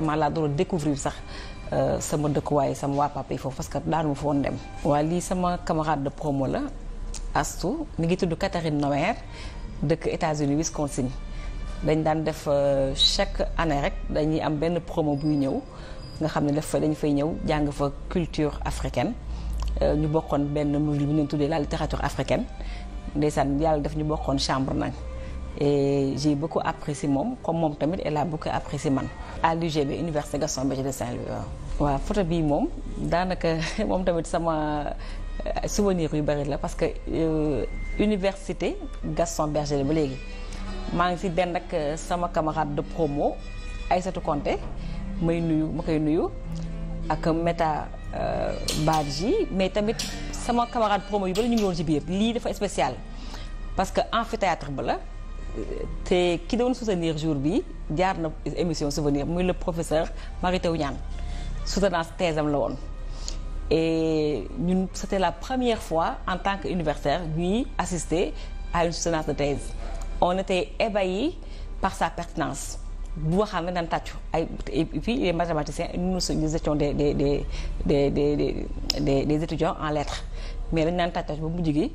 vraiment laa doon découvrir sax euh, sama dëkkuwaay sama waa papa yi foofu parce que daanuma fa woon dem. waa lii sama camarade de promo la Astou mi ngi tudd Catherine Noer dëkk États-Unis Wisconsin dañ daan def euh, chaque année rek dañuy am benn promo buy ñëw nga xam ne daf fa dañ fay ñëw jàng fa culture africaine euh, ñu bokkoon benn module bu ñu tuddee la littérature africaine ndeysaan yàlla def ñu bokkoon chambre nañ. et j'ai beaucoup apprécié moom comme moom tamit et la beaucoup apprécié man. à l'UGB Université Gaston Berger de Saint-Louis waaw. waaw photo bii moom daanaka moom tamit sama euh, souvenir yu bari la parce que euh, Université Gaston Berger la ba léegi maa ngi fi benn ak euh, sama camarade de promo Aïssatou Konté may nuyu ma koy nuyu ak Meta euh, ji mais tamit sama camarade promo yu bari ñu woon ci biir lii dafa spécial parce que amphithéâtre ba la. te ki doon soutenir jour bi jaar na émission souvenir muy le professeur Mary Teuw Niane soutenance thèse am la woon et ñun c'était la première fois en tant que universitaire ñuy assister à une soutenance de thèse on était yi par sa pertinence bu waxaan na naan tàccu ay et puis les mathématiciens nous nous étions des des des des des des étudiants en lettres mais dañ daan tàcc ba mujj gi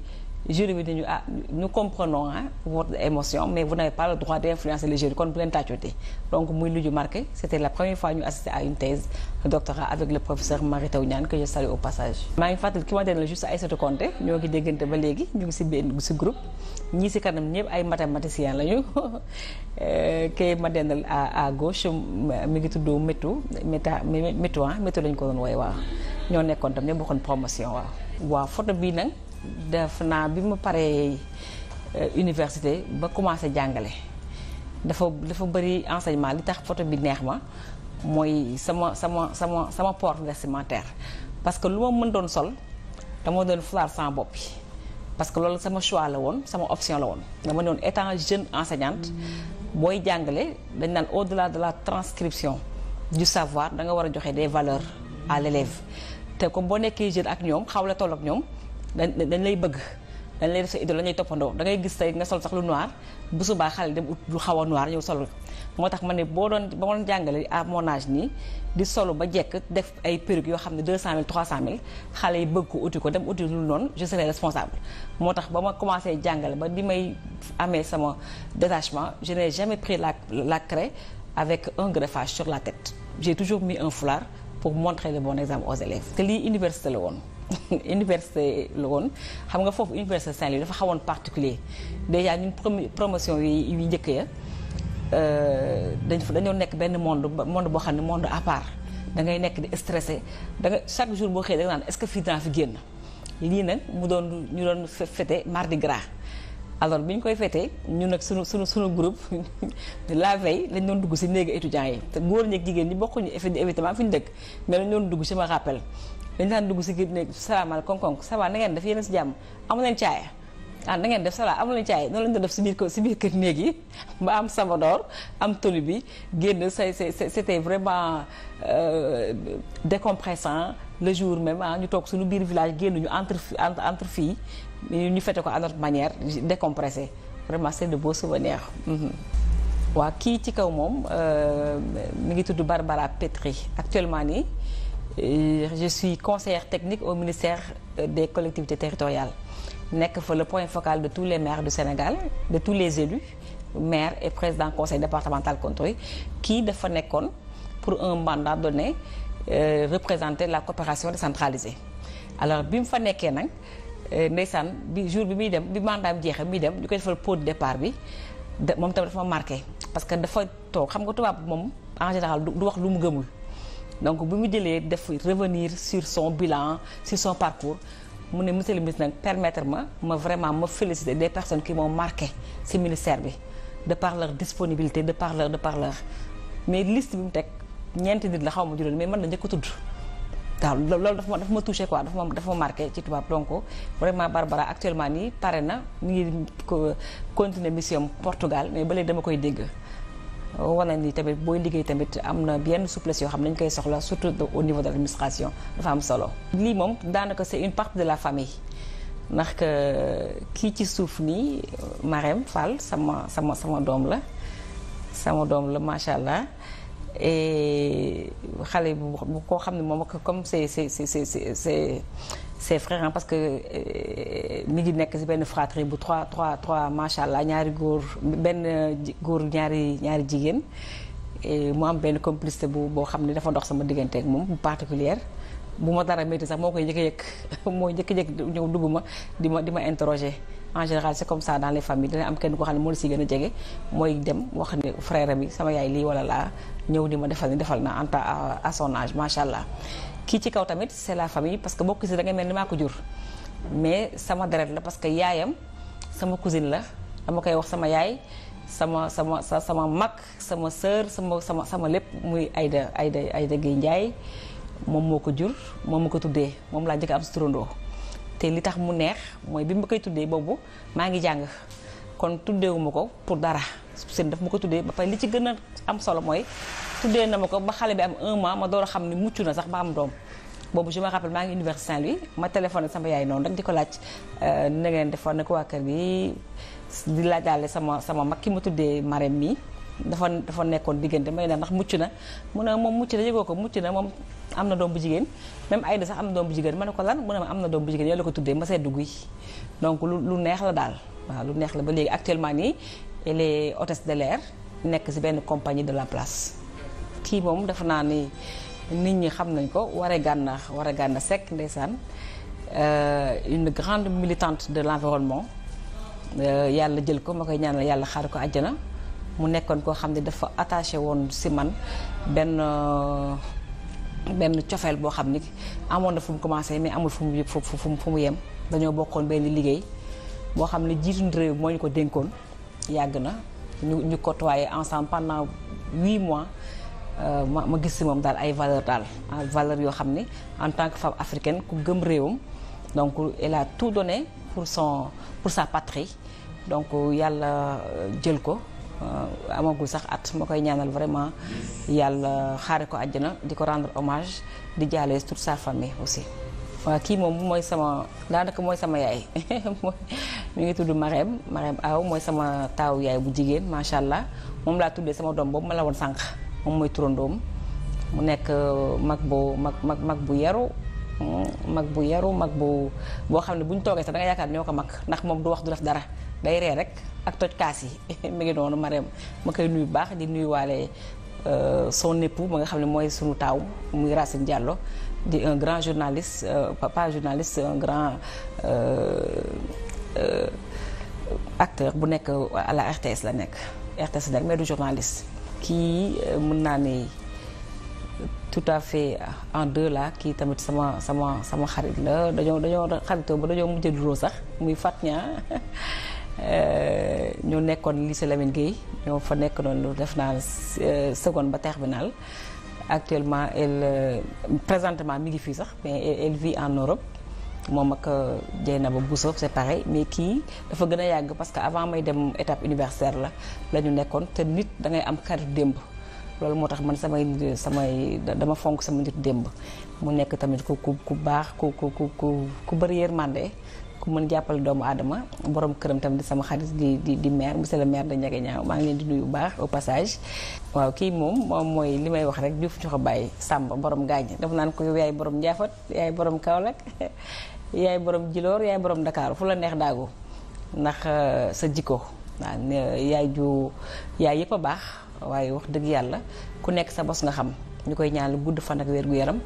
jury bi dañu ah nous comprenons hein votre émotion mais vous n'avez pas le droit d'influencer le jury kon bu leen tàccooti donc muy lu ju marqué c'était la première fois ñu assisté à une thèse de doctorat avec le professeur Mary Teuw Niane que je ñu ngi si benn si groupe ñii si kanam ñëpp ay euh, ma dendal à mi ngi tudd métu méta métu métu ah, lañu ko doon wooye waaw ñoo nekkoon tam ñoo bokkoon promotion waaw waaw photo bii def naa bi ma paree euh, université ba commencé jàngale dafa dafa bëri enseignement li tax photo bi neex ma mooy sama sama sama sama port vestimentaire parce que lu ma mën doon sol dama doon fulaar sans bopp bi parce que loolu sama choix la woon sama option la woon dama ne woon étant jeune enseignante booy jàngale dañ naan au de la de la transcription du savoir da nga war a joxe des valeurs à l' te comme boo nekkee jeune ak ñoom xaw la toll ak ñoom dañ lay bëgg dañ lay def sa idole dañ lay toppandoo da ngay gis tey nga sol sax lu noir bu subaa xale dem ut lu xaw noir yow solul moo tax ma ne boo doon ba ma doon jàngale à mon âge nii di solo ba jekk def ay perruque yoo xam ne 200000 300000 xale yi bëgg ko uti ko dem uti lu noonu je responsable. moo tax ba ma commencé jàngale ba di may amee sama détachement je n'ai jamais pris la la craie avec un greffage sur la tête j'ai toujours mis un foulard pour montrer le bon exemple aux lii université la woon. université la woon xam nga foofu université saint yi dafa xawoon particulier déjà ñun promotion yi yu njëkk ya euh, dañ fa dañoo nekk benn monde monde boo xam ne monde à part da ngay nekk di stressé da nga chaque jour boo xëyee da nga naan est-ce que fii dinaa fi génn lii nag mu doon ñu doon fêté mardi gras alors bi ñu koy fêté ñun nag sunu sunu sunu groupe la veille lañ doon dugg si néegi étudiants yi te góor ñeeg jigéen ñi bokkuñu effet évidemment fi ñu dëkk mais lañ doon dugg si ma rappel dañ daan dugg si kii nekk salaamaaleykum kon ça va na ngeen def yéen si jàmm amu leen caaya ah na ngeen def sala amu leen caaya noonu lañ doon def si biir ko si biir kër néeg yi ba am sabadoor am tolu bi génn say say c'était vraiment euh, décompressant le jour même ah ñu toog suñu biir village génn ñu entre entre filles ñu fete ko à notre manière décompressé vraiment c'est de beaux souvenirs. Mm-hmm. waa kii ci kaw moom euh, mi ngi tudd Barbara Petri actuellement nii. Euh, je suis conseillère technique au ministère euh, de collectivités territoriales nekk fa le point focal de tous les maires du Sénégal de tous les élus maires et président conseil départemental contrôle kii dafa nekkoon pour un mandat donné euh, représenter la coopération décentralisée alors bi mu fa nekkee nag euh, ndeysaan bi jour bi muy dem bi mandat bi jeexee muy dem ñu koy defal pot de bi bi moom tamit dafa marqué parce que dafa toog xam nga tubaab moom en général du lu mu gëmul donc bi mu jëlee def revenir sur son bilan sur son parcours mu ne monsieur le nag permettre ma ma vraiment ma féliciter des personnes qui moo marqué ci ministère bi de par leur disponibilité de par leur de par leur mais list bi mu teg ñeenti nit la xaw ma juróom mais man la njëkk a tudd waaw loolu dafa ma dafa ma touché quoi dafa ma dafa ma marqué ci tubaab donc vraiment Barbara actuellement nii pare na ñu ko continuer mission Portugal mais balee dama koy dégg. wala ni tamit booy liggéey tamit am na yenn souplesse yoo xam ne dañ koy soxla surtout au niveau de l'administration dafa am solo. lii moom daanaka c'est une partie de la famille ndax kii ci suuf nii Marème Fall sama sama sama doom la sama doom la macha allah. et xale bu koo xam ne moom comme c'est c'est c'est c'est ses frères hein, parce que euh, mi ngi nekk si benn fratrie bu trois trois trois macha allah ñaari góor benn góor ñaari ñaari jigéen. mu am benn complicité bu boo xam ni dafa ndox sama diggante ak moom bu particulière bu ma dara métti sax moo koy njëkk yëkk mooy njëkk yëkk ñëw dugg ma di ma di ma interroger en général c'est comme ça dans les familles dina am kenn ko xam ne moo la si gën a jege mooy dem wax ne frère bi sama yaay lii wala laa ñëw di ma defal ni defal na en à son âge macha kii ci kaw tamit c'est la famille parce que boo cousine da ngay mel ni maa ko jur mais sama deret la parce que yaayam sama cousine la dama koy wax sama yaay sama sama sa sama mag sama sœur sama sama sama lépp muy Aïda ayda Aïda Gueye Ndiaye moom moo ko jur moom ma ko tuddee moom laa njëkk am si turandoo te li tax mu neex mooy bi ma koy tuddee boobu maa ngi jàng kon tuddeewu ko pour dara seen daf ma ko tuddee ba pare li ci gën a am solo mooy tuddee na ma ko ba xale bi am un mois ma door a xam ni mucc na sax ba am doom boobu je me maa ngi université Saint-Louis ma téléphoné sama yaay noonu rek di ko laaj euh, na ngeen defoon nag waa kër gi di laajaale sama sama mag ki ma tuddee Marème mi dafa dafa nekkoon diggante may na ndax mucc na mu ne moom mucc na yëgoo ko mucc na moom am na doom bu jigéen même Aïda sax am doom bu jigéen ma ne ko lan mu a ma am na doom bu jigéen yow la ko tuddee ma seddu guy donc lu lu neex la daal waaw lu neex la ba léegi actuellement nii et les hôtesses de l'air nekk ci benn compagnie de la place kii moom dafa naa ni nit ñi xam nañ ko Waré Gana Waré Gana sekk ndeysaan euh, une grande militante de l'environnement euh, yàlla jël ko ma koy ñaanal yàlla xaar ko ajjana mu nekkoon koo xam ne dafa attaché woon ci man benn benn cofeel boo xam ni amoon na fu mu commencé mais amul fu mu fu fu mu yem dañoo bokkoon benn liggéey boo xam ne jiitu réew moo ñu ko dénkoon yàgg na ñu ñu côtoyé ensemble pendant huit mois euh, ma ma gis si moom daal ay valeur daal en ah, valeur yoo xam ne en tant que femme africain ku gëm réewam donc elle a tout donné pour son pour sa patrie donc yàlla euh, jël ko euh, amagul sax at ma koy ñaanal vraiment yàlla xaare ko na di ko rendre hommage di jaale toute sa famille aussi waaw kii moom mooy sama daanaka mooy sama yaay mu ngi tudd Marème Marème Aw mooy sama taaw yaay bu jigéen macha allah moom laa tuddee sama doom boobu ma la woon sànq moom mooy turandoom mu nekk euh, mag bu mag mag mag bu yaru mm, mag bu yaru mag bu boo xam ne bu ñu toogee sax da yaakaar ñoo ko mag ndax moom du wax du def dara day ree rek ak toj kaas yi mi ngi noonu Marème ma koy nuyu baax di nuyuwaale euh, son époux ba nga xam ne mooy sunu taaw muy Racine Diallo di un grand journaliste euh, pas journaliste un grand euh, euh, acteur bu nekk à la RTS la nekk RTS nag mais du journaliste kii mun naa ni tout à fait en deux là kii tamit sama sama sama xarit la dañoo dañoo xaritoo ba dañoo mujj duroo sax muy fat ña ñoo nekkoon lycée Lamine Gueye ñoo fa nekk noonu def naa seconde ba terminale actuellement elle euh, présentement mi ngi fii sax mais elle vit en Europe moom ak euh, Dieynaba Bousso c'est pareil mais kii dafa gën a yàgg parce que avant may dem étape universitaire la la ñu nekkoon te nit da ngay am xaritu démb loolu moo tax man samay samay dama fonk sama nit démb mu nekk tamit ku ku ku baax ku ku ku ku ku bëri yërmande ku mën jàppale doomu aadama borom këram tamit sama xarit di di di maire monsieur le da de Ndiaganiao maa ngi leen di nuyu baax au passage waaw kii moom moom mooy li may wax rek Diouf jox a bàyyi Samba boroom gaañ dafa naan ko yow yaay borom Njaafat yaay borom Kaolack yaay borom Jiloor yaay borom Dakar fu la neex daagu ndax euh, sa jikko waaw yaay ju yaay yëpp a baax waaye wax dëgg yàlla ku nekk sa bos nga xam ñu koy ñaan gudd fan ak wér gu yaram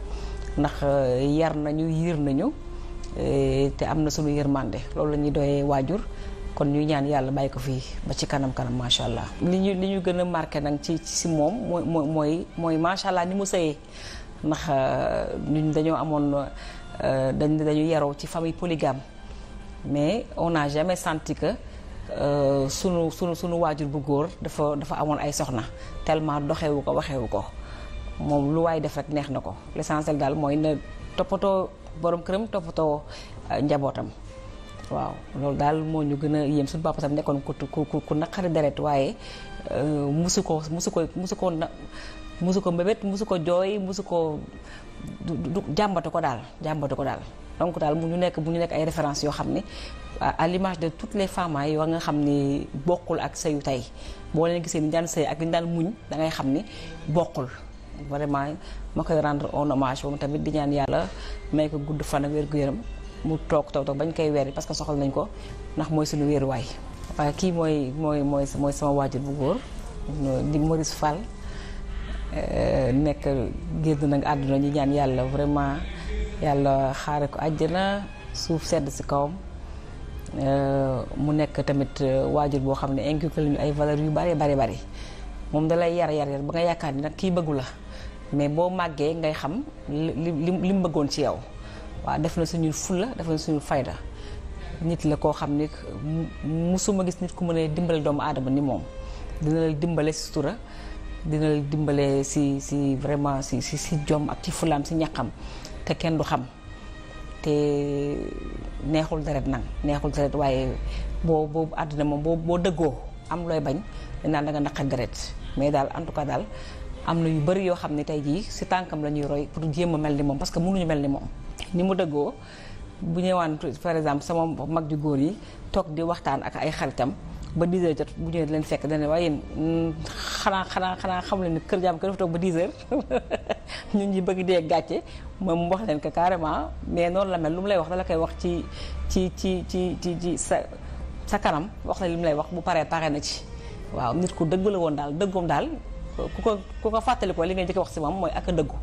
ndax euh, yar nañu yiir nañu Eh, te am na sunu yërmande loolu la ñuy doyee waajur kon ñuy ñaan yàlla bàyyi ko fii ba ci kanam kanam macha allah. li ñu li ñu gën a marqué nag ci si moom mooy mooy mooy macha allah ni mu sëyee ndax euh, ñun dañoo amoon euh, dañ dañu yaraw ci famille polygame mais on n'a jamais senti que. Euh, sunu sunu sunu waajur bu góor dafa dafa amoon ay soxna tellement doxewu ko waxewu ko moom lu waaye def rek neex na ko l'essentiel daal mooy na toppatoo borom këram toppatoo euh, njabootam waaw loolu daal moo ñu gën a yéem suñu papa tam nekkoon ku ku ku naqari deret waaye euh, musu ko musu ko musu ko na musu ko mbébét musu ko jooy musu ko du jàmbatu ko daal jàmbatu ko daal donc daal mu ñu nekk mu ñu nekk ay références yoo xam ne à l'image de toutes les femmes ah, yoo nga xam ne bokkul ak sëyu tey boo leen gisee ni daan sëy ak ni daan muñ da ngay xam ni bokkul vraiment ma koy rendre un hommage moom tamit di ñaan yàlla may ko gudd fan ak wér gu mu toog toog toog bañ koy weer parce que soxal nañ ko ndax mooy suñu wéeruwaay. waaye kii mooy mooy mooy mooy sama waajur bu góor di Maurice Fall euh, nekk génn nag àdduna ñu ñaan yàlla vraiment yàlla xaare ko àjjana suuf sedd si kawam. Euh, mu nekk tamit euh, waajur boo xam ne inculqué lañu ay valeur yu bare bare bare moom dalay yar yar yar ba nga yaakaar ni nag kii bëggu la mais boo màggee ngay xam li li mu bëggoon ci yow waaw def na suñu fulla def na suñu fayda nit la koo xam ni musuma gis nit ku mënee a dimbale doomu aadama ni moom dina la dimbale si sutura dina la dimbale si si vraiment si si si jom ak ci fulaam si ñaqam te kenn du xam te neexul deret nag neexul deret waaye boo boo àddina moom boo boo dëggoo am looy bañ dinaan da nga naqar deret mais daal en tout cas daal am na yu bëri yoo xam ne tey jii si tànkam la ñuy roy pour jéem a mel ni moom parce que mënuñu mel ni moom ni mu dëggoo bu ñëwaan par exemple sama mag ju góor yi toog di waxtaan ak ay xaritam ba 10 jot bu ñëwee di leen fekk dana waaye yéen xanaa xanaa xanaa xam leen ni kër jaam ko dafa toog ba 10 heures ñun ñi bëgg dee gàcce moom wax leen que carrément mais noonu la mel lu mu lay wax dala koy wax ci ci ci ci ci ci sa sa kanam wax la li mu lay wax bu paree pare na ci waaw nit ku dëgg la woon daal dëggoom daal ku ko ku ko fàttali ko li ngay njëkk wax si moom mooy ak dëggu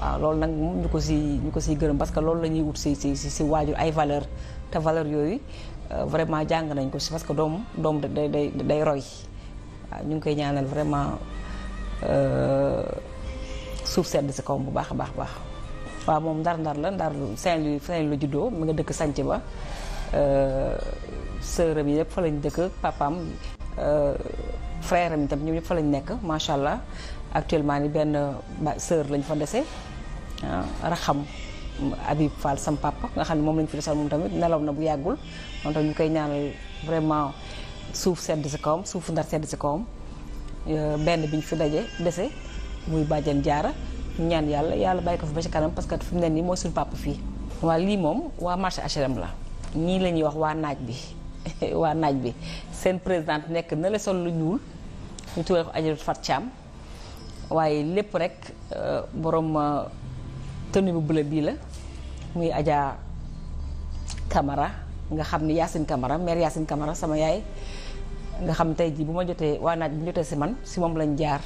waaw loolu nag ñu ko si ñu ko siy gërëm parce que loolu lañuy wut si si si waajur ay valeur te valeur yooyu euh, vraiment jàng nañ ko si parce que doom doom day day day roy waaw ñu ngi koy ñaanal vraiment euh, suuf sedd si kaw bu baax a baax baax waaw moom ndar-ndar la ndar Saint-Louis Saint-Louis la juddoo mu nga dëkk sànc ba euh, sërëm yi yëpp fa lañ dëkk papaam frère am itam ñoom ñëpp fa lañu nekk macha allah actuellement ni benn sœur lañ fa dese ah, raxam Habib Fall sam papa nga xam ne moom lañ fi desal moom tamit nelaw na bu yàggul moom tamit ñu koy ñaanal vraiment suuf sedd si kawam suuf ndar sedd si kawam euh, benn bi ñu fi daje dese muy bàjjen jaara ñaan yàlla yàlla bàyyi ko fi ba ci kanam parce que fi mu ne nii mooy suñu papa fii. waa lii moom waa marché HLM la ñii la ñuy wax waa naaj bi. waa naaj bi seen présidente nekk nale sol lu ñuul ñu tuddee ko Adjaratou Fatou Thiam waaye lépp rek euh, borom euh, tenue bu bleu bii la muy Adja Camara nga xam ni Yacine kamara mère Yacine kamara sama yaay nga xam tey jii bu ma jotee waa naaj bu jotee si man si moom lañ jaar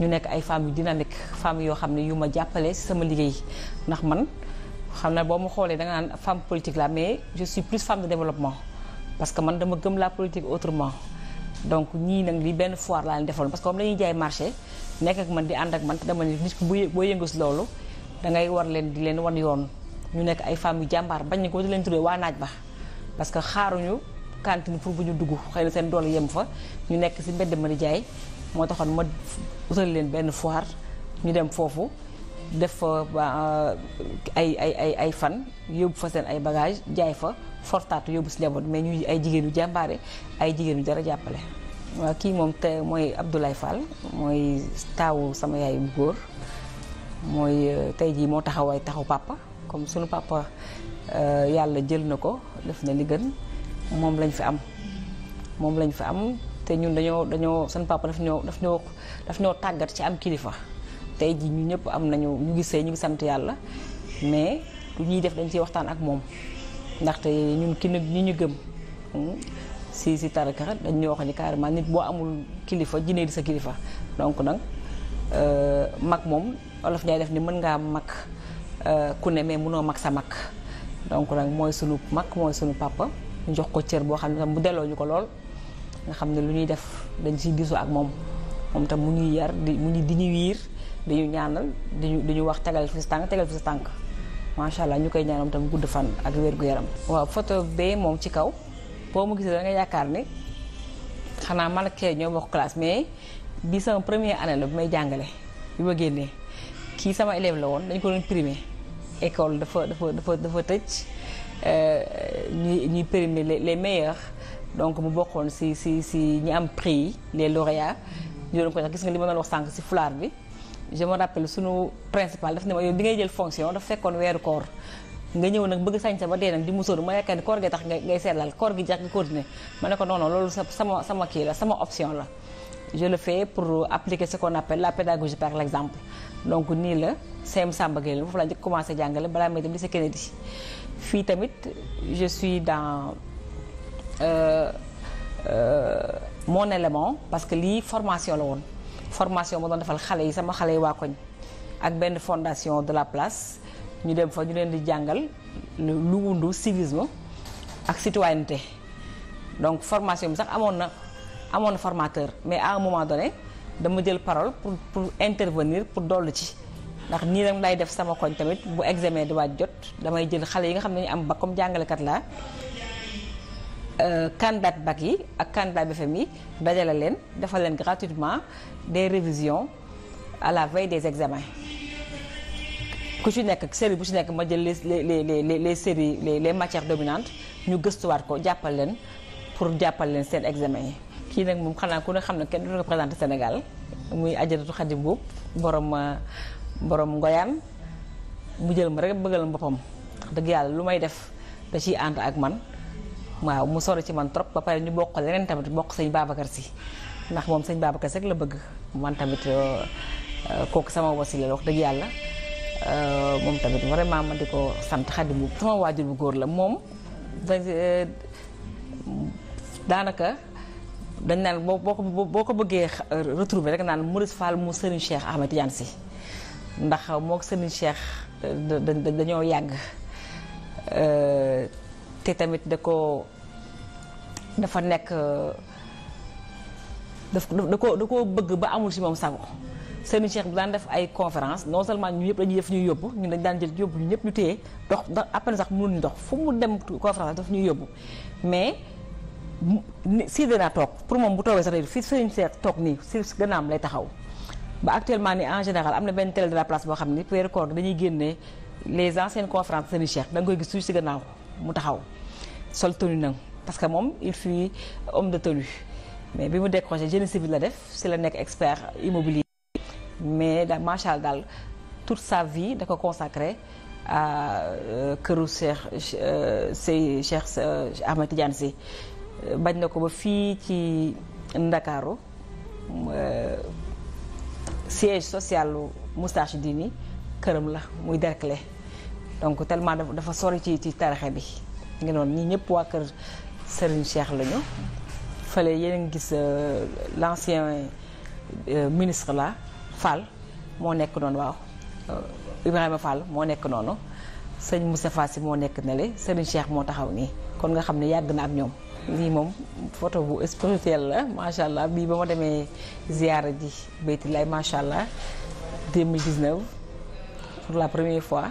ñu nekk ay femmes yu dynamique femmes yoo xam ne yu ma jàppale si sama liggéey ndax man xam na boo ma xoolee da nga naan femme politique la mais je suis plus femme de développement. parce que man dama gëm la politique autrement donc ñii nag li benn foire laa leen defaloon parce que comme dañuy jaay marché nekk ak man di ànd ak man te dama ne nit ku boo yëngu si loolu da ngay war leen di leen wan yoon ñu nekk ay femmes yu jàmbaar bañ ni ko di leen tuddee waa parce que xaaruñu cantine pour bu ñu dugg xëy na seen doole yem fa ñu nekk si mbedd ma di jaay moo taxoon ma utal leen benn foire ñu dem foofu def fa euh, ay ay ay ay fan yóbbu fa seen ay bagages jaay fa fortaatu yóbbu si njaboot mais ñu ay jigéenu jàmbaare ay jigéen yu dara jàppale. waaw kii moom te mooy Abdoulaye Fall mooy taawu sama yaay góor mooy euh, tey jii moo taxawaay taxaw papa comme sunu papa euh, yàlla jël na ko def na li gën moom lañ fi am. moom lañ fi am te ñun dañoo dañoo sunu papa daf ñoo daf ñoo daf ñoo tàggat ci am kilifa tey jii ñun ñëpp am nañu ñu gisee ñu ngi sant yàlla mais lu ñuy def dañ ciy waxtaan ak moom. ndaxte ñun ki nag ñu gëm hmm, si si tarika dañ ñoo wax ni carrément nit boo amul kilifa jinne di sa kilifa donc nag euh, mag moom olof ñay def ni mën ngaa mag euh, ku ne mais mënoo mag sa mag donc nag mooy sunu mag mooy suñu papa ñu jox ko cër boo xam ne tam mu delloo ñu ko lool nga xam ne lu ñuy def dañ ciy diisoo ak moom moom tam mu ñuy yar di mu ñuy di ñu wiir di ñu ñaanal di ñu di ñu wax tegal fi sa tànk tegal fi sa tànk macha allah ñu koy ñaanam tam gudd fan ak wér gu yaram. waaw photo bee moom ci kaw boo mu gisee da nga yaakaar ni xanaa man ak ñoo bokk classe mais bi sama première année la bi may jàngale bi ma génnee kii sama élève la woon dañu ko doon primé école dafa dafa dafa dafa tëj euh, ñuy ñuy primé les donc mu bokkoon si si si ñi am prix yi les lauréats ñu doon ko jox gis nga li ma doon wax sànq si fulaar bi. je me rappelle sunu principal daf ne ma yow bi ngay jël fonction dafa fekkoon weeru koor nga ñëw nag bëgg sañsa ba dee nag di musóoru ma yaakaar ni koor gi tax ngay seetlal koor gi jax nga continuer ma ne ko non non loolu sama sama kii sama option la je le fais pour appliquer ce qu'on appelle la pédagogie par l'exemple donc nii la CM Samba Gueye la foofu laa njëkk commencé jàngale balaa may dem lycée Kennedy fii tamit je suis dans euh, euh, mon élément parce que lii formation la woon formation ma doon defal xale yi sama xale yi waa koñ ak benn fondation de la place ñu dem fa ñu leen di jàngal lu wundu civisme ak citoyenneté donc formation bi sax amoon na amoon na formateur mais à un moment donné dama jël parole pour pour intervenir pour dollu ci ndax nii rek lay def sama koñ tamit bu examen di waaj jot damay jël xale yi nga xam ne ñu am ba comme jàngalekat laa candidat euh, bac yi ak candidat BFEM yi dajale leen defal leen gratuitement des révisions à la veille des examens ku ci nekk série bu ci nekk ma jël les les les les séries les les matières dominantes ñu gëstuwaat ko jàppal leen pour jàppal leen seen examen yi. kii nag moom xanaa ku ne xam ne kenn du ko présenté Sénégal muy Adjaratou Khady Mboup borom euh, borom ngoyaan mu jël ma rek bëggal boppam dëgg yàlla lu may def da ci ànd ak man. waaw mu sori ci man trop ba pare ñu bokk leneen tamit bokk sëñ Babacar si ndax moom sëñ Babacar si rek la bëgg man tamit euh, euh, kooku sama wasila la wax dëgg yàlla euh, moom tamit vraiment ma ko sant xadimu sama waajur bu góor la moom daanaka dañ naan boo boo ko boo ko bëggee retrouver rek naan Maurice Fall mu Serigne Cheikh Ahmed Tidiane si ndax moog Serigne Cheikh dañoo yàgg te tamit da ko dafa nekk daf da ko da koo bëgg ba amul ci moom sago Serigne Cheikh bi daan def ay conférence non seulement ñu yëpp dañuy def ñuy yóbbu ñun dañ daan jël yóbbu ñu ñëpp ñu téye dox da àppane sax mënuñu dox fu mu dem conférence daf ñuy yóbbu mais si danaa toog pour moom bu toogee sax fii Serigne Cheikh toog nii si gànnaam lay taxaw ba actuellement ni en général am na benn télé de la place boo xam ni weeru koor dañuy génne les anciennes conférences Serigne da nga koy gis si gannaaw mu taxaw sol tenue nag parce que moom il fut homme de tenue mais bi mu décroché génie civil la def si la nekk expert immobilier mais da macha allah daal toute sa vie da ko consacré à euh, këru Cheikh euh, Sey Cheikh euh, Ahmed Tidiane si bañ na ko ba fii ci Ndakaaru siège social lu Moustarchidine këram la muy Derklé donc tellement dafa sori ci ci tarixe bi ngi noonu ñi ñëpp waa kër Serigne Cheikh lañu fale yéen a ngi gis euh, l'ancien euh, ministre la Fall moo nekk noonu waaw euh, Ibrahima Fall moo nekk noonu sëñ Moustapha Sy moo nekk nele Serigne Cheikh moo taxaw nii kon nga xam ne yàgg na ak ñoom lii moom photo bu spirituel la macha allah bii ba ma demee ziyaara ji bayti lay macha allah 2019 pour la première fois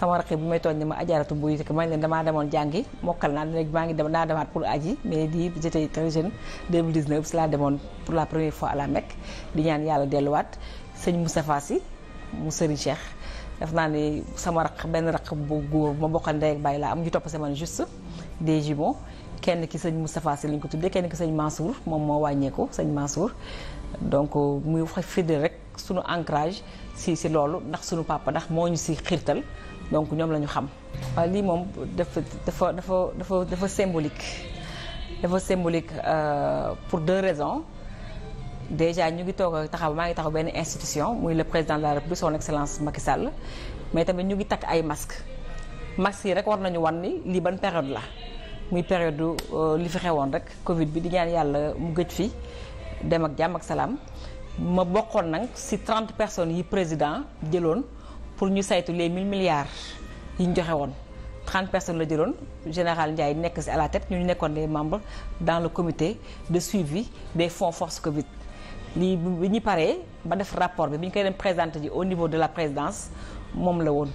sama raqi bu may tooñ ne ma ajaratu bu yite ma ne leen damaa demoon jàngi mokkal naa léegi ngi dem naa demaat pour aji mais di j'étais très jeune 2019 si laa demoon pour la première fois à la Mecque di ñaan yàlla delluwaat sëñ Moustapha Sy mu sëriñ Cheikh def naa ni sama raq benn raq bu góor ma bokkal ndey ak baay laa am ñu topp sama juste des jumeaux kenn ki sëñ Moustapha Sy lañ ko tuddee kenn ki sëñ Mansour moom moo wàññeeku sëñ Mansour donc muy wax rek. sunu ancrage si si loolu ndax sunu papa ndax moo ñu si xiirtal donc ñoom la ñu xam waaw lii moom dafa dafa dafa dafa dafa symbolique dafa symbolique euh, pour deux raisons déjà ñu ngi toog taxaw maa ngi taxaw benn institution muy le président de la république son excellence Macky Sall mais tamit ñu ngi takk ay masques masques yi rek war nañu wan ni lii ban période la muy période euh, li fi xewoon rek Covid bi di ñaan yàlla mu gëj fi dem ak jàmm ak salaam ma bokkoon nag si trente personnes yi président jëloon pour ñu saytu les mille milliards yi ñu joxe woon trente personnes la jëloon général Ndiaye nekk si à la tête ñu nekkoon de membres dans le comité de suivi des fonds force Covid. lii bi ñu paree ba def rapport bi bi ñu koy dem présenter ji au niveau de la présidence moom la woon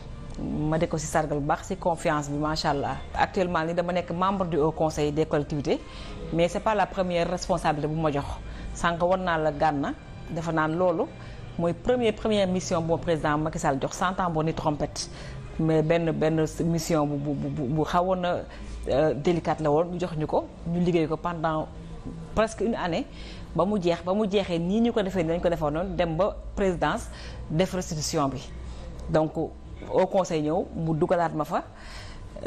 ma de ko si sargal bu baax si confiance bi macha allah. actuellement ni dama nekk membre du au conseil des collectivités mais c'est la première responsabilité bu ma jox sànq war naa la gànna dafa naan loolu mooy premier première mission boo président Macky Sall jox cent ans boo ni trompette mais benn benn mission bu bu bu xawoon na euh, délicate la woon ñu jox ñu ko ñu liggéey ko pendant presque une année ba mu jeex ba mu jeexee nii ñu ko defee nii dañu ko defoon noonu dem ba présidence def restitution bi donc au conseil ñëw mu dugalaat ma fa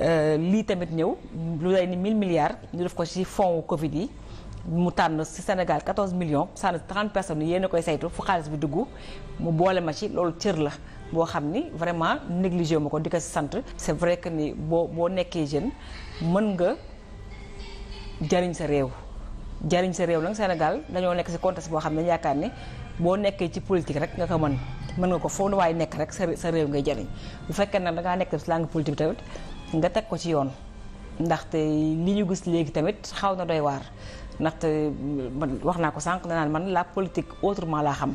euh, lii tamit ñëw lu lay ni 1000 milliards ñu def ko ci fonds Covid yi. mu tànn si Sénégal 14 million sànn 30 personnes yéen koy saytu fu xaalis bi dugg mu boole ma ci loolu cër la boo xam ni vraiment négligé ma ko di ko sant. c'est vrai que ni boo boo nekkee jeune mën nga jariñ sa réew jariñ sa réew nag Sénégal dañoo nekk ci contexte boo xam ne yaakaar ne boo nekkee ci politique rek nga ko mën mën nga ko foofu waaye nekk rek sa sa réew ngay jariñ bu fekkee nag da nekk nekk ci langue politique tamit nga teg ko ci yoon. ndaxte li ñu gis léegi tamit xaw na doy waar ndaxte man wax naa ko sànq naan man la politique autrement laa xam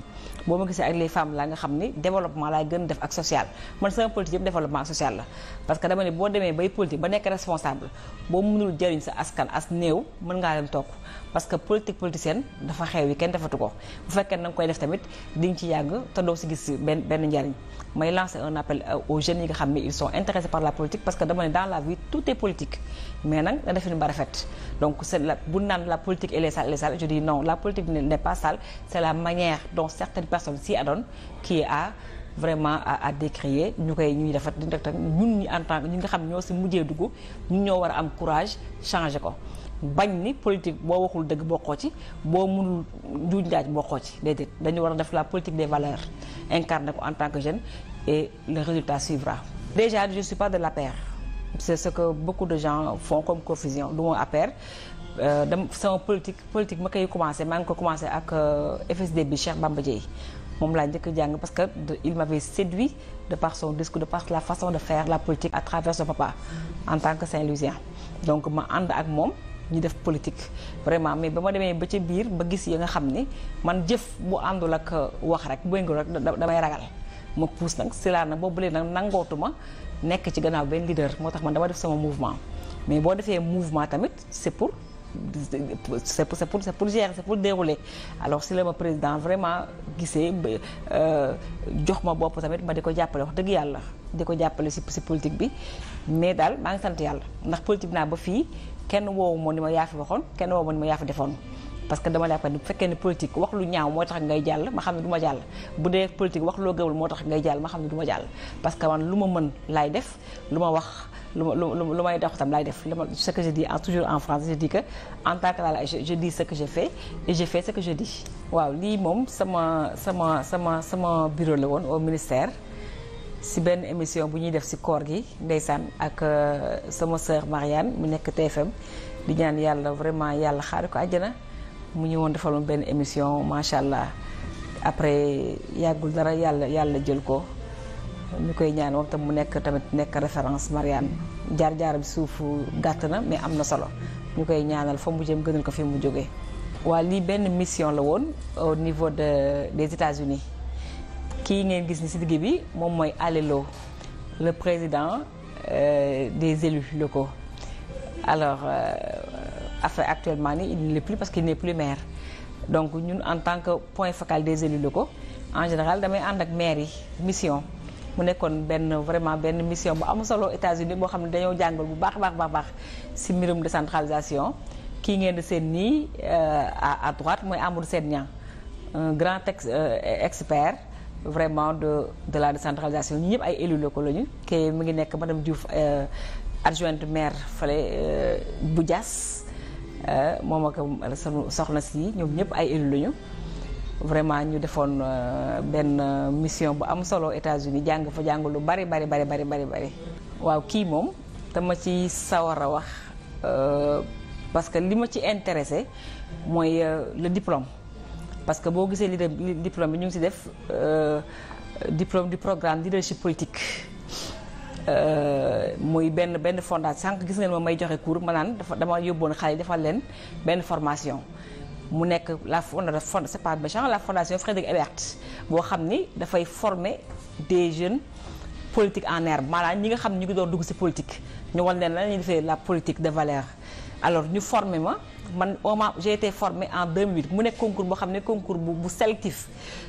boo ma gisee ak les femmes laa nga xam ni développement laay gën def ak social man sama politique yëpp développement social la parce que dama ne boo demee bay politique ba nekk responsable boo mënul jariñ sa askan as néew mën ngaa dem toog parce que politique politicienne dafa xew yi kenn defatu ko bu fekkee na nga koy def tamit di nga ci yàgg te doo si gis benn benn njariñ may lancer un appel euh, aux jeunes yi nga xam ne ils sont intéressés par la politique parce que dama ne dans la vie tout est politique mais defin ba rafet donc c'est la bu naan la politique elle est sale elle est sale je dis non la politique n'est pas sale c'est la manière dont certaines personnes s'y adonnent qui est vraiment à à ñu koy ñuy defat di rek tam ñun ñu en tant que ñi nga xam ñoo si mujjee dugg ñun ñoo war a am courage changer ko bañ ni politique boo waxul dëgg bokkoo ci boo mënul njuuj njaaj bokkoo ci déedéet dañu war a def la politique des valeurs incarné ko en tant que jeune et le résultat suivra déjà je suis pas de l'APR c'est ce que beaucoup de gens font comme confusion du ma APR euh, dama sama politique politique ma koy commencé maa ngi ko commencé ak euh, FSD bi Cheikh Bamba Dièye moom laa njëkk jàng parce que il m'avait séduit de par son discours de par la façon de faire la politique à travers son papa en tant que Saint-Louisien donc ma ànd ak moom ñu def politique vraiment mais ba ma demee ba ca biir ba gis ya nga xam ne man jëf bu àndul ak uh, wax rek bu yëngul rek damay ragal ma puus nag si laa nag boobu lee nag nangootuma nekk ci gannaaw benn leader moo tax man dama def sama mouvement mais boo defee mouvement tamit c'est pour c'est pour c'est pour pour gérer c'est pour dérouler alors si ma président vraiment gisee uh, jox ma bopp tamit ma di ko jàppale wax dëgg yàlla di ko jàppale si si politique bi mais daal maa ngi sant yàlla kenn woowu moo ni ma yaa fi waxoon kenn woowu moo ni ma yaa defoon parce que dama jàpp ne bu fekkee ne politique wax lu ñaaw moo tax ngay jàll ma xam ne du ma jàll bu dee politique wax loo gëwul moo tax ngay jàll ma xam ne du ma parce que man lu ma mën laay def lu ma wax lu ma lu lu may dox tam lay def ce ma je dis en toujours en France je dis que en tant que là je, je dis ce que je fais et waaw lii moom sama sama sama sama bureau la woon au ministère si benn émission bu ñuy def si koor gi ndeysaan ak euh, sama sœur Marianne mu nekk TFM di ñaan yàlla vraiment yàlla xaari ko àjjana mu ñëwoon defal ma benn émission macha allah après yàggul dara yàlla yàlla jël ko ñu koy ñaan moom mu nekk tamit nekk référence Marianne jaar-jaar bi suuf gàtt na mais am na solo ñu koy ñaanal fa mu jëm gënal ko fi mu jóge waa lii benn mission la woon au niveau de des États-Unis kii ngeen gis ni si digg bi moom mooy Alelo le président euh, des élus locaux alors euh, affaire euh, actuellement ni il ne l'est plus parce qu'il n'est plus maire donc ñun en tant que point focal des élus ko en général damay ànd ak maire yi mission mu nekkoon benn vraiment benn mission bu amul solo États-Unis boo xam ne dañoo jàngal bu baax baax baax baax si mbirum de décentralisation kii ngeen di seen nii euh, à droite mooy Amadou Sène Niang un grand euh, expert vraiment de de la décentralisation ñu ñëpp ay élus locaux lañu kii mi ngi nekk madame Diouf euh, adjointe maire fale euh, bu Dias euh, moom ak soxna si ñoom ñëpp ay élus lañu vraiment ñu defoon benn mission bu am solo États-Unis jàng fa jàng lu bari bari bari bari bari bari waaw kii moom ma ci sawar a wax parce que li ma ci intéressé mooy le diplôme parce que boo gisee li diplôme bi ñu ngi si def euh, diplôme du programme leadership politique euh, muy benn benn fondation sànq gis ngeen moom may joxe cours ma naan dafa dama yóbboon xale yi defal leen benn formation mu nekk la fond c'est pas méchant la fondation Frédéric Ebert boo xam ni dafay forme des jeunes politique en herbe maanaam ñi nga xam ne ñu ngi doon dugg si politique ñu wan leen la defee la politique de valeur alors ñu former ma man au moins j'ai été formée en 2008 mu nekk concours boo xam ne concours bu bu sélectif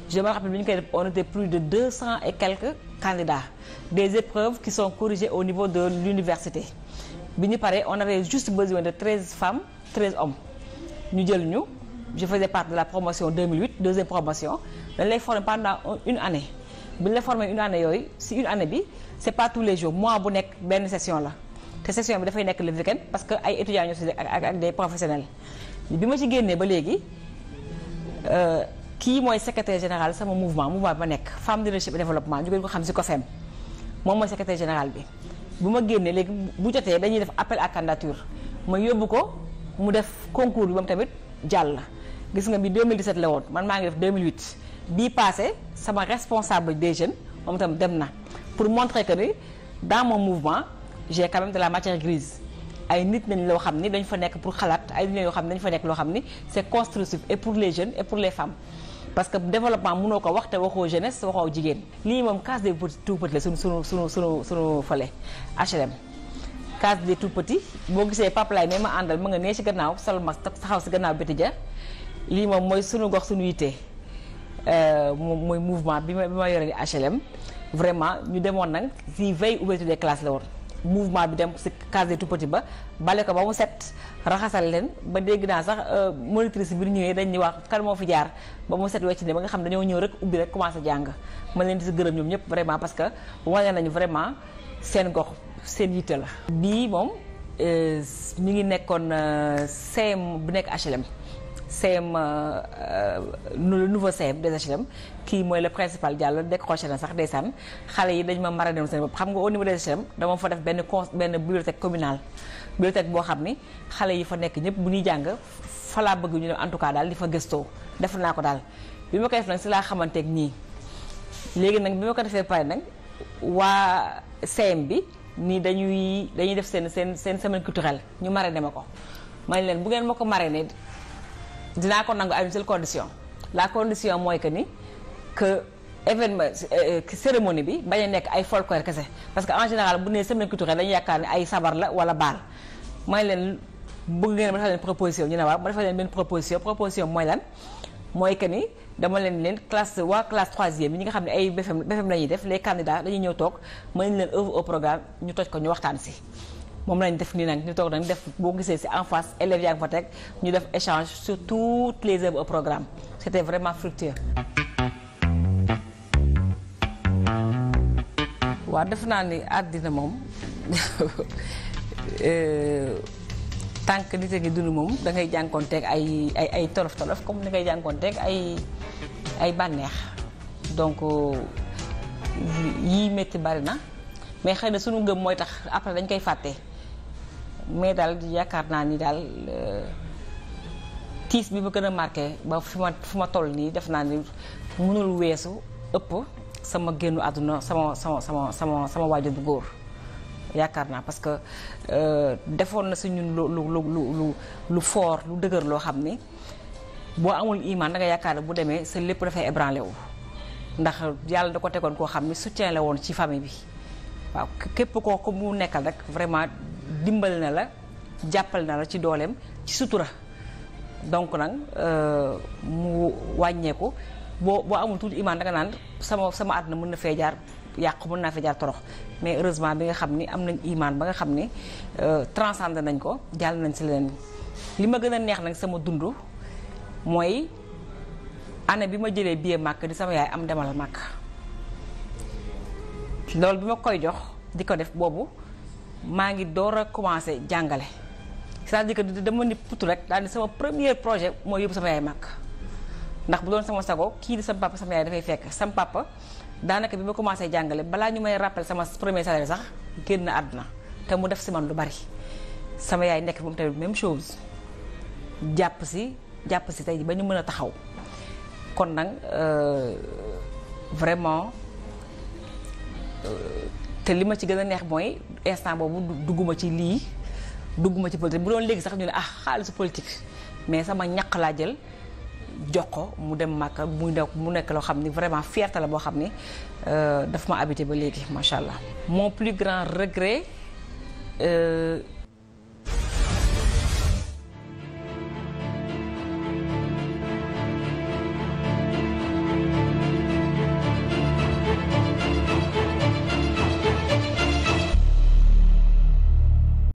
je me rappelle bi ñu koy plus de deux cent et quelques candidats des épreuves qui sont corrigées au niveau de l'université bi ñu paree on avait juste besoin de treize femmes treize hommes ñu jël ñu je faisais partie de la promotion 2008 deuxième promotion dañ lay former pendant une année bu ñu la former une année yooyu si une année bi c'est pas tous les jours mois bu nekk benn session la te session bi dafay nekk le weekend parce que ay étudiants ñoo si ak ak des professionnels bi ma ci génnee ba léegi euh, kii mooy secrétaire général sama mouvement mouvement bi ma nekk femme de leadership et développement ñu gën ko xam si ko fem moom mooy secrétaire général bi bu ma génnee léegi bu jotee dañuy def appel à candidature ma yóbbu ko mu def concours bi moom tamit jàll gis nga bi 2017 la woon man maa ngi def 2008 bii passé sama responsable des jeunes moom tamit dem na pour montrer que ni dans mon mouvement j'ai quand de la matière grise ay nit nañ loo xam ni dañ fa nekk pour xalaat ay nit yoo xam ne dañ fa nekk loo xam ni c'est constructif et pour les jeunes et pour les femmes parce que développement mënoo ko wax te waxoo jeunesse waxoo jigéen lii moom case des tout petits la su suñu su suñu suñu fale m H&M. case des tout petits boo gisee papalay mais ma àndal ma nga nee ci gannaaw sol mas taxaw ci gannaaw béti ja lii moom mooy suñu gox suñu yittee euh, moom mooy mouvement bi bi ma yore ni HLM vraiment ñu demoon nag ci veille ouverture des la woon mouvement bi dem si case tout petit ba bale ko ba mu set raxasal leen ba dégg naa sax euh, monitrice bi ñu ñëwee dañ ñu wax kan moo fi jaar ba mu set wecc ne ba nga xam dañoo ñëw rek ubbi rek commencé jàng ma leen di si gërëm ñoom ñëpp vraiment parce que wane nañu vraiment seen gox seen yitte la. bii moom ñu euh, ngi nekkoon euh, CM bu nekk HLM. CM euh, euh, le nouveau CM des HLM kii mooy le principal Diallo décroché na sax ndeysaan xale yi dañ ma mara dem seen bopp xam nga au niveau des HLM dama fa def benn con benn bibliothèque communale bibliothèque boo xam ni xale yi fa nekk ñëpp bu ñuy jàng fa laa bëgg ñu dem en tout cas daal di fa gëstoo def naa ko daal bi ma ko def nag si laa xamanteeg ñii léegi nag bi ma ko defee pare nag waa CM bi nii dañuy dañuy def seen seen seen semaine culturelle ñu marraine ma ko ma leen bu ma ko marraine dinaa ko nangu à une seule condition la condition mooy que ni que événement euh, cérémonie bi bañ a nekk ay folklore kese parce que en général bu nee semaine culturelle dañu yaakaar ne ay sabar la wala baal may leen bëgg ngeen ma defal ñu ne waaw ma defal leen benn proposition proposition mooy lan mooy que ni dama leen leen classe waa classe troisième yi ñi nga xam ne ay BFM BFM la ñuy def lee candidats dañuy ñëw toog mën leen œuvre au programme ñu toj ko ñu waxtaan si moom lañ def nii nag ñu toog nag def boo gisee si en face élèves yaa ngi fa teg ñu def échange sur toutes les œuvres au programme c'était vraiment fructueux. waa def naa ni àddina moom euh, tànk nit a ngi dund moom da ngay jànkoonteeg ay ay ay tolof tolof comme ni jànkoon jànkoonteeg ay ay bànneex donc euh, yii métti bari na mais xëy na sunu ngëm mooy tax après dañ koy fàtte. mais daal yaakaar naa ni daal euh, tiis bi ma gën a marqué ba fi ma fi ma toll nii def naa ni mënul weesu ëpp sama génnu àdduna sama sama sama sama sama waajur bu góor yaakaar naa parce que euh, defoon na si ñun lu lu lu lu lu lu dëgër loo xam ni boo amul imaan da yaakaar ne bu demee sa lépp dafay ébranlé wu ndax yàlla da ko tegoon koo xam ne soutien la woon ci famille bi waaw képp koo ko mu nekkal rek vraiment dimbali na la jàppal na la ci dooleem ci sutura donc nag euh, mu wàññeeku boo boo amul tuuti imaan danga naan sama sama àdduna mën na fee jaar yàqu mën naa fee jaar torox mais heureusement bi nga xam ni am nañ imaan ba nga xam ni euh, transcende nañ ko jàll nañ si leen li ma gën a neex nag sama dund mooy année bi ma jëlee billet màkk di sama yaay am demal màkk loolu bi ma koy jox di ko def boobu maa ngi door a commencé jàngale c'est-à-dire que dama ni putu rek daal sama premier projet mooy yóbbu sama yaay mag ndax bu doon sama sago kii di sama papa sama yaay dafay fekk sama papa daanaka bi ma commencé jàngale balaa ñu may rappel sama premier salaire sax génn àdduna te mu def si man lu bari sama yaay nekk moom tamit même chose jàpp si jàpp si tey ba ñu mën a taxaw kon nag euh, vraiment euh, te li ma ci gën a neex mooy instant boobu dugguma ci lii dugguma ci politique bu doon léegi sax ñu ne ah xaalisu politique mais sama ñaq laa jël jox ko mu dem màkk mu nekk mu nekk loo xam ni vraiment fierté la boo xam ni euh, dafa ma habité ba léegi macha allah. mon plus grand regret. Euh,